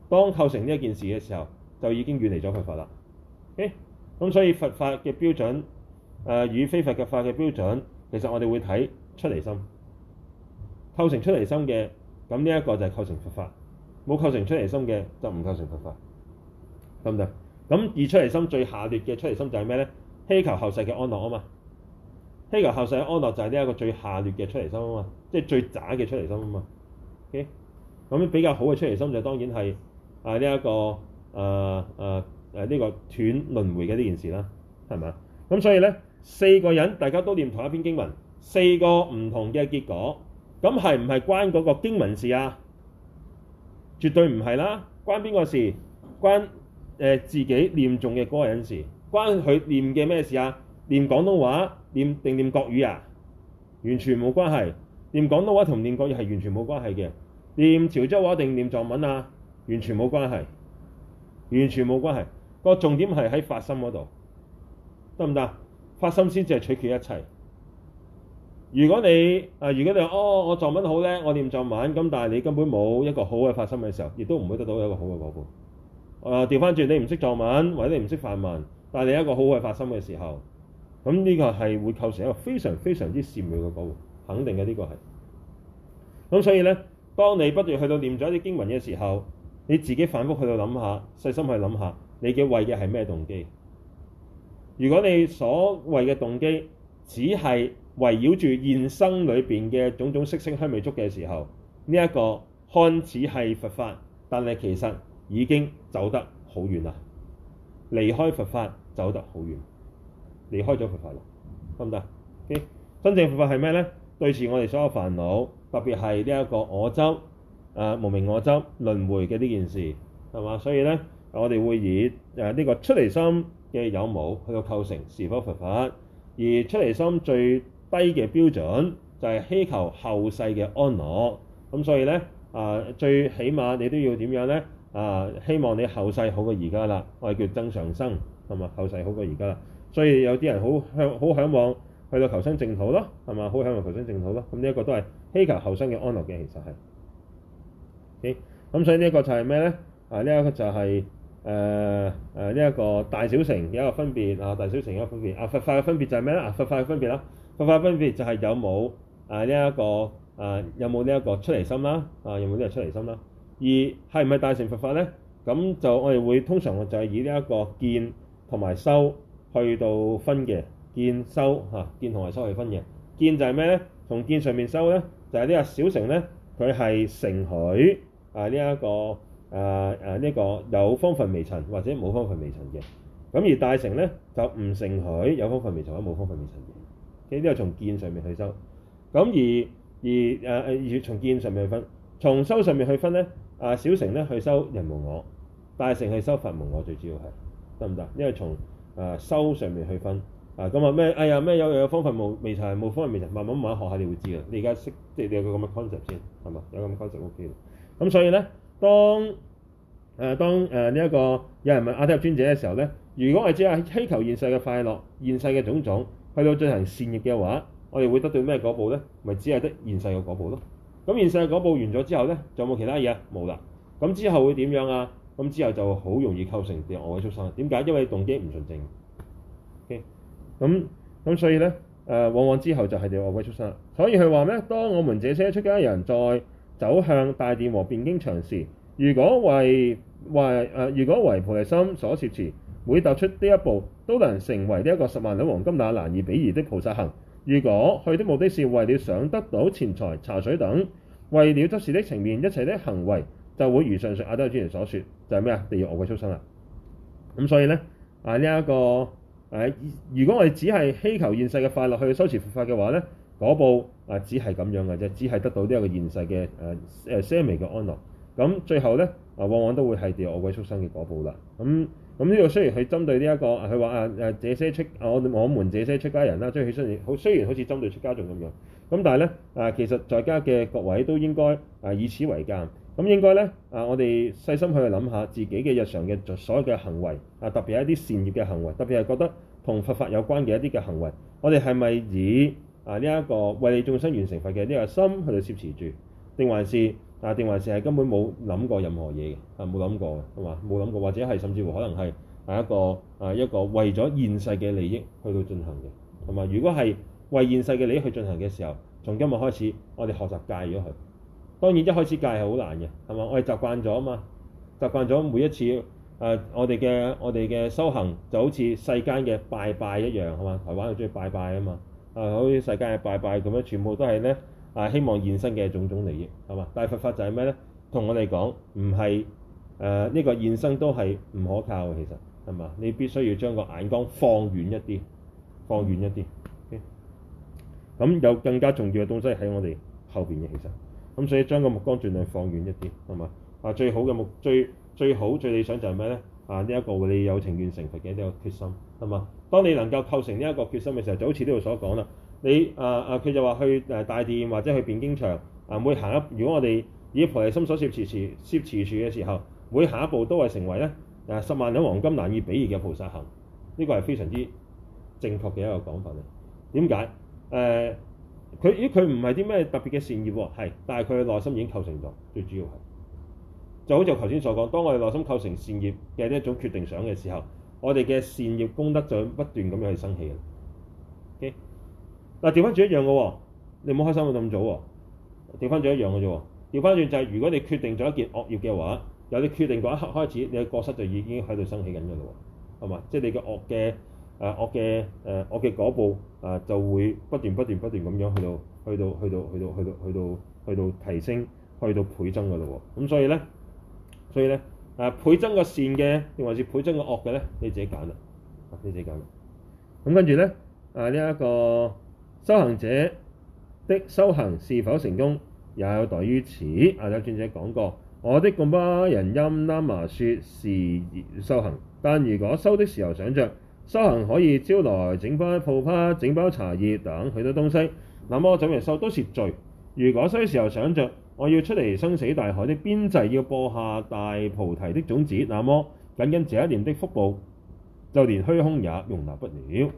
當構成呢一件事嘅時候，就已經遠離咗佛法啦。咁、okay? 所以佛法嘅標準誒、呃、與非佛法嘅法嘅標準，其實我哋會睇出離心構成出離心嘅。咁呢一個就係構成佛法，冇構成出離心嘅就唔構成佛法，得唔得？咁而出離心最下劣嘅出離心就係咩咧？希求後世嘅安樂啊嘛，希求後世嘅安樂就係呢一個最下劣嘅出離心啊嘛，即係最渣嘅出離心啊嘛。OK，咁比較好嘅出離心就當然係啊呢一個誒誒誒呢個斷輪迴嘅呢件事啦，係咪？咁所以咧四個人大家都念同一篇經文，四個唔同嘅結果。咁係唔係關嗰個經文事啊？絕對唔係啦，關邊個事？關誒、呃、自己念眾嘅個人事，關佢念嘅咩事啊？念廣東話，念定念國語啊？完全冇關係，念廣東話同念國語係完全冇關係嘅。念潮州話定念藏文啊？完全冇關係，完全冇關係。個重點係喺發心嗰度，得唔得？發心先至係取決一切。如果你啊，如果你哦，我作文好叻，我念作文咁，但係你根本冇一個好嘅發心嘅時候，亦都唔會得到一個好嘅果報。啊，調翻轉你唔識作文，或者你唔識梵文，但係你一個好嘅發心嘅時候，咁呢個係會構成一個非常非常之善妙嘅果報，肯定嘅，呢個係。咁所以咧，當你不斷去到念咗一啲經文嘅時候，你自己反覆去到諗下，細心去諗下你嘅為嘅係咩動機？如果你所謂嘅動機只係圍繞住現生裏邊嘅種種色聲香味觸嘅時候，呢、這、一個看似係佛法，但係其實已經走得好遠啦，離開佛法走得好遠，離開咗佛法啦，得唔得？OK，真正佛法係咩呢？對治我哋所有煩惱，特別係呢一個我執，誒、呃、無明我執、輪迴嘅呢件事，係嘛？所以呢，我哋會以誒呢、呃這個出離心嘅有無去到構成是否佛法，而出離心最低嘅標準就係、是、希求後世嘅安樂，咁所以咧啊，最起碼你都要點樣咧啊？希望你後世好過而家啦，我哋叫增上生，係嘛？後世好過而家啦，所以有啲人好向好向往去到求生淨土咯，係嘛？好向往求生淨土咯，咁呢一個都係希求後生嘅安樂嘅，其實係。咁、okay? 所以呢一個就係咩咧？啊，呢、這、一個就係誒誒呢一個大小乘有一個分別啊，大小乘有一個分別啊，佛法嘅分別就係咩咧？啊，佛法嘅分別啦。啊佛法分別就係有冇，這個、啊呢一個啊有冇呢一個出離心啦，啊有冇呢個出離心啦？而係唔係大乘佛法咧？咁就我哋會通常就係以呢一個見同埋修去到分嘅見修嚇，見同埋修去分嘅，見就係咩咧？從見上面修咧就係，是、呢個小乘咧，佢係承許啊呢一個啊啊呢，這個有方分微塵或者冇方分微塵嘅。咁而大乘咧就唔承許有方分微塵或者冇方分微塵嘅。呢都係從見上面去修，咁而而誒誒，呃、而從見上面去分，從修上面去分咧，啊、呃、小乘咧去修人無我，大乘去修法無我，最主要係得唔得？因為從誒、呃、修上面去分，啊咁話咩？哎呀咩有有方法無未齊，冇方法未齊，慢慢慢慢學下你會知嘅。你而家識即係你有個咁嘅 concept 先係嘛？有咁 concept OK 啦。咁所以咧，當誒、呃、當誒呢一個有人問阿底峽尊者嘅時候咧，如果係只係希求現世嘅快樂、現世嘅種種。去到進行善業嘅話，我哋會得到咩果報咧？咪只係得現世嘅果報咯。咁現世嘅果報完咗之後咧，有冇其他嘢啊？冇啦。咁之後會點樣啊？咁之後就好容易構成墮惡趣出生。點解？因為動機唔純正。咁、okay? 咁、嗯嗯、所以咧，誒往往之後就係墮惡趣出生。所以佢話咩？當我們這些出家人在走向大殿和辯經場時，如果為為誒、呃，如果為菩提心所攝持。每踏出呢一步，都能成為呢一個十萬兩黃金那難以比擬的菩薩行。如果去的目的是為了想得到錢財、茶水等，為了執事的情面，一切的行為就會如上述阿底峽尊者所說，就係咩啊？地獄、餓鬼、畜生啦、啊。咁所以咧啊，呢一,一個誒、啊，如果我哋只係希求現世嘅快樂去修持佛法嘅話咧，果報啊，只係咁樣嘅啫，只係得到呢一個現世嘅誒誒奢微嘅安樂。咁最後咧啊，往往都會係地獄、餓鬼、畜生嘅果報啦。咁咁呢個雖然係針對呢、這、一個，佢話啊誒、啊、這些出我我、啊、們這些出家人啦，即係佢雖然好，雖然好似針對出家眾咁樣，咁、嗯、但係咧啊，其實在家嘅各位都應該啊以此為鑑，咁、嗯、應該咧啊，我哋細心去諗下自己嘅日常嘅所有嘅行為啊，特別係一啲善業嘅行為，特別係覺得同佛法有關嘅一啲嘅行為，我哋係咪以啊呢一、這個為利眾生完成佛嘅呢個心去到攝持住，定還是？但係，定還是係根本冇諗過任何嘢嘅，係冇諗過嘅，係嘛？冇諗過，或者係甚至乎可能係係一個啊一個為咗現世嘅利益去到進行嘅。係嘛？如果係為現世嘅利益去進行嘅時候，從今日開始，我哋學習戒咗佢。當然，一開始戒係好難嘅，係嘛？我哋習慣咗啊嘛，習慣咗每一次誒、呃、我哋嘅我哋嘅修行，就好似世間嘅拜拜一樣，係嘛？台灣人中意拜拜啊嘛，啊、呃、好似世間嘅拜拜咁樣，全部都係咧。啊！希望現身嘅種種利益，係嘛？但係佛法就係咩咧？同我哋講，唔係誒呢個現身都係唔可靠嘅，其實係嘛？你必須要將個眼光放遠一啲，放遠一啲。咁有更加重要嘅東西喺我哋後邊嘅，其實，咁所以將個目光儘量放遠一啲，係嘛？啊！最好嘅目最最好最理想就係咩咧？啊！呢一個你有情願成佛嘅呢個決心，係嘛？當你能夠構成呢一個決心嘅時候，就好似呢度所講啦。你啊啊，佢就話去誒大殿或者去辯經場啊，每行一，如果我哋以菩提心所攝持持攝持住嘅時候，每行一步都係成為咧誒、啊、十萬兩黃金難以比擬嘅菩薩行，呢個係非常之正確嘅一個講法啊。點解誒？佢咦？佢唔係啲咩特別嘅善業喎、啊？係，但係佢內心已經構成咗，最主要係就好似我頭先所講，當我哋內心構成善業嘅一種決定想嘅時候，我哋嘅善業功德就不斷咁樣去生起嘅。嗱，調翻轉一樣嘅喎，你唔好開心到咁早喎。調翻轉一樣嘅啫喎，調翻轉就係如果你決定咗一件惡業嘅話，由你決定嗰一刻開始，你嘅過失就已經喺度升起緊嘅咯喎，係嘛？即係你嘅惡嘅誒，惡嘅誒，惡嘅嗰步誒就會不斷不斷不斷咁樣去到去到去到去到去到去到，去到，去到，去到，去到提升，去到倍增嘅咯喎。咁所以咧，所以咧誒、啊、倍增嘅善嘅，定還是倍增嘅惡嘅咧，你自己揀啦，你自己揀啦。咁跟住咧誒呢一個。啊啊啊啊修行者的修行是否成功，也有待於此。阿底峽尊者講過：我的貢巴仁欽喇嘛説是修行，但如果修的時候想着修行可以招來整匹布、整包茶葉等許多東西，那麼怎樣修都是罪。如果修的時候想着我要出離生死大海的邊際，要播下大菩提的種子，那麼僅僅這一年的福報，就連虛空也容納不了。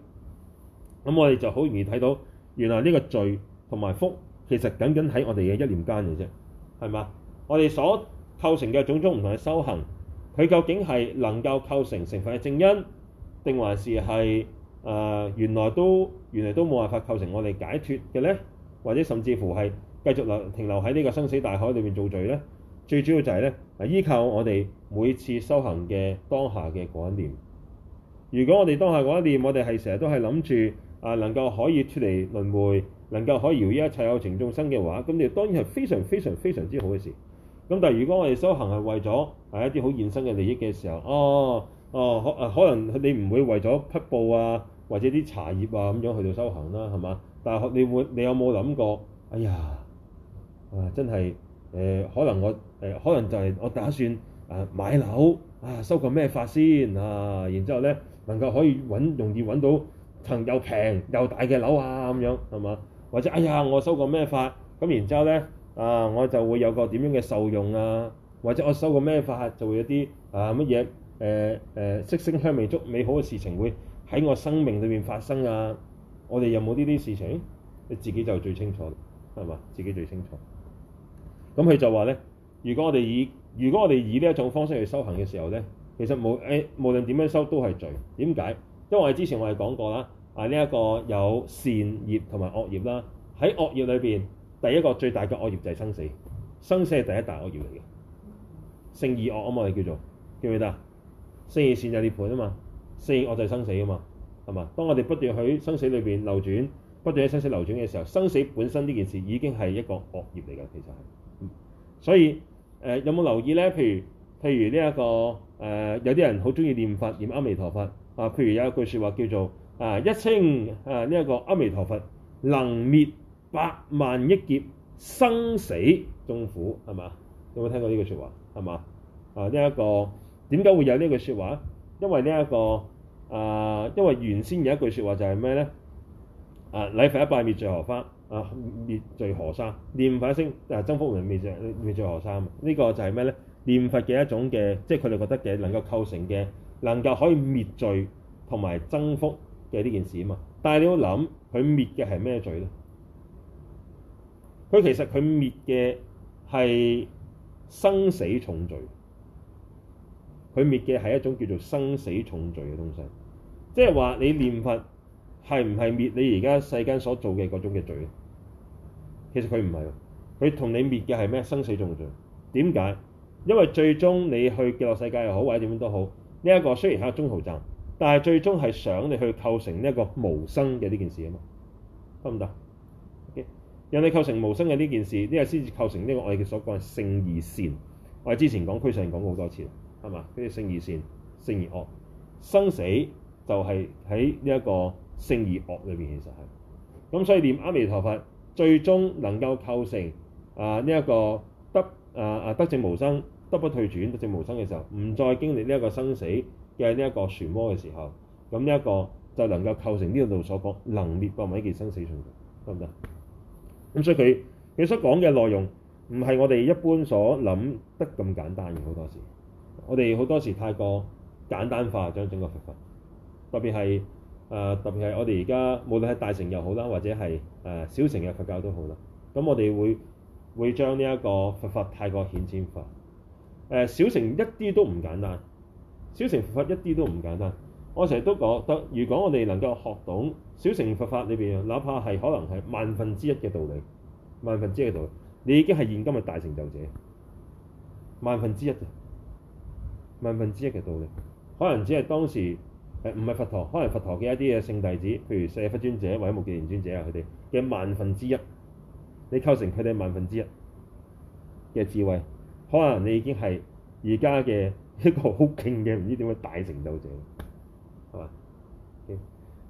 咁我哋就好容易睇到。原來呢個罪同埋福其實僅僅喺我哋嘅一念間嘅啫，係嘛？我哋所構成嘅種種唔同嘅修行，佢究竟係能夠構成成佛嘅正因，定還是係誒、呃、原來都原來都冇辦法構成我哋解脫嘅呢？或者甚至乎係繼續留停留喺呢個生死大海裏面做罪呢？最主要就係咧，依靠我哋每次修行嘅當下嘅嗰一念。如果我哋當下嗰一念，我哋係成日都係諗住。啊，能夠可以出離輪迴，能夠可以饒益一切有情眾生嘅話，咁你當然係非常非常非常之好嘅事。咁但係如果我哋修行係為咗係一啲好現身嘅利益嘅時候，哦哦，可可能你唔會為咗匹布啊，或者啲茶葉啊咁樣去到修行啦，係嘛？但係你會你有冇諗過？哎呀啊，真係誒、呃，可能我誒、呃、可能就係我打算啊買樓啊，修個咩法先啊？然之後咧，能夠可以揾容易揾到。層又平又大嘅樓啊，咁樣係嘛？或者哎呀我修個咩法咁然之後咧，啊我就會有個點樣嘅受用啊？或者我修個咩法就會有啲啊乜嘢誒誒色聲香味觸美好嘅事情會喺我生命裏面發生啊？我哋有冇呢啲事情，你自己就最清楚係嘛？自己最清楚。咁佢就話咧，如果我哋以，如果我哋以呢一種方式去修行嘅時候咧，其實無誒、哎、無論點樣修都係罪。點解？因為之前我哋講過啦。啊！呢、這、一個有善業同埋惡業啦。喺惡業裏邊，第一個最大嘅惡業就係生死，生死係第一大惡業嚟嘅。勝義惡啊嘛，我哋叫做記唔記得啊？勝義善就涅槃啊嘛，勝義惡就生死啊嘛，係嘛？當我哋不斷喺生死裏邊流轉，不斷喺生死流轉嘅時候，生死本身呢件事已經係一個惡業嚟㗎，其實係、嗯。所以誒、呃，有冇留意咧？譬如譬如呢、這、一個誒、呃，有啲人好中意念法，念阿彌陀佛啊。譬如有一句説話叫做。啊！一稱啊，呢一個阿彌陀佛能滅百萬億劫生死眾苦，係嘛？有冇聽過呢句説話？係嘛？啊，呢一個點解會有呢句説話？因為呢一個啊，因為原先有一句説話就係咩咧？啊，禮佛一拜滅罪河花啊，滅罪河沙；念佛一聲啊，增福名滅罪滅罪河山。呢個就係咩咧？念佛嘅一種嘅，即係佢哋覺得嘅能夠構成嘅，能夠可以滅罪同埋增福。呢件事啊嘛，但係你要諗，佢滅嘅係咩罪咧？佢其實佢滅嘅係生死重罪，佢滅嘅係一種叫做生死重罪嘅東西。即係話你念佛係唔係滅你而家世間所做嘅嗰種嘅罪咧？其實佢唔係喎，佢同你滅嘅係咩生死重罪？點解？因為最終你去極樂世界又好，或者點樣都好，呢一個雖然係個中途站。但係最終係想你去構成呢一個無生嘅呢件事啊嘛，得唔得？OK，人哋構成無生嘅呢件事，呢個先至構成呢、這個我哋嘅所講嘅性與善。我哋之前講區上講過好多次，係嘛？呢啲性與善、性而惡，生死就係喺呢一個性與惡裏邊，其實係。咁所以念阿彌陀佛，最終能夠構成啊呢一、這個得啊啊得證無生、得不退轉、得證無生嘅時候，唔再經歷呢一個生死。嘅呢一個玄魔嘅時候，咁呢一個就能夠構成呢度所講能滅八萬一件生死盡，得唔得？咁所以佢佢所講嘅內容唔係我哋一般所諗得咁簡單嘅。好多時，我哋好多時太過簡單化將整個佛法，特別係誒、呃、特別係我哋而家無論係大乘又好啦，或者係誒、呃、小乘嘅佛教都好啦，咁我哋會會將呢一個佛法太過顯淺化，誒、呃、小乘一啲都唔簡單。小乘佛法一啲都唔簡單，我成日都覺得，如果我哋能夠學懂小乘佛法裏邊，哪怕係可能係萬分之一嘅道理，萬分之一嘅道理，你已經係現今嘅大成就者。萬分之一啫，萬分之一嘅道理，可能只係當時誒，唔係佛陀，可能佛陀嘅一啲嘅聖弟子，譬如舍利弗尊者、目犍連尊者啊，佢哋嘅萬分之一，你構成佢哋萬分之一嘅智慧，可能你已經係而家嘅。一個好勁嘅唔知點解大成就者，係嘛？Okay.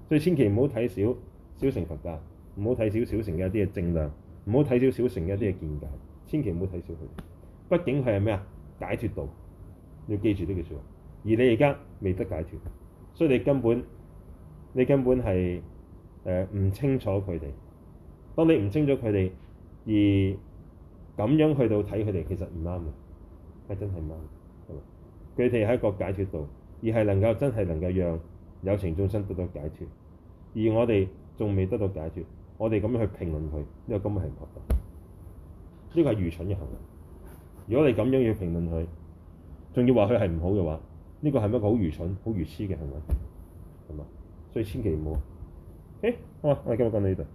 所以千祈唔好睇少小乘佛家，唔好睇少小乘嘅一啲嘅正量，唔好睇少小乘嘅一啲嘅見解，千祈唔好睇少佢哋，畢竟係咩啊？解脫道要記住呢句說話。而你而家未得解脫，所以你根本你根本係誒唔清楚佢哋。當你唔清楚佢哋而咁樣去到睇佢哋，其實唔啱嘅，係真係唔啱。佢哋喺一個解脫道，而係能夠真係能夠讓有情眾生得到解脫。而我哋仲未得到解脫，我哋咁樣去評論佢，呢、呢個根本係唔妥。呢個係愚蠢嘅行為。如果你咁樣要評論佢，仲要話佢係唔好嘅話，呢個係一個好愚蠢、好愚痴嘅行為，係嘛？所以千祈唔好。誒，好啊，我哋今日講到呢度。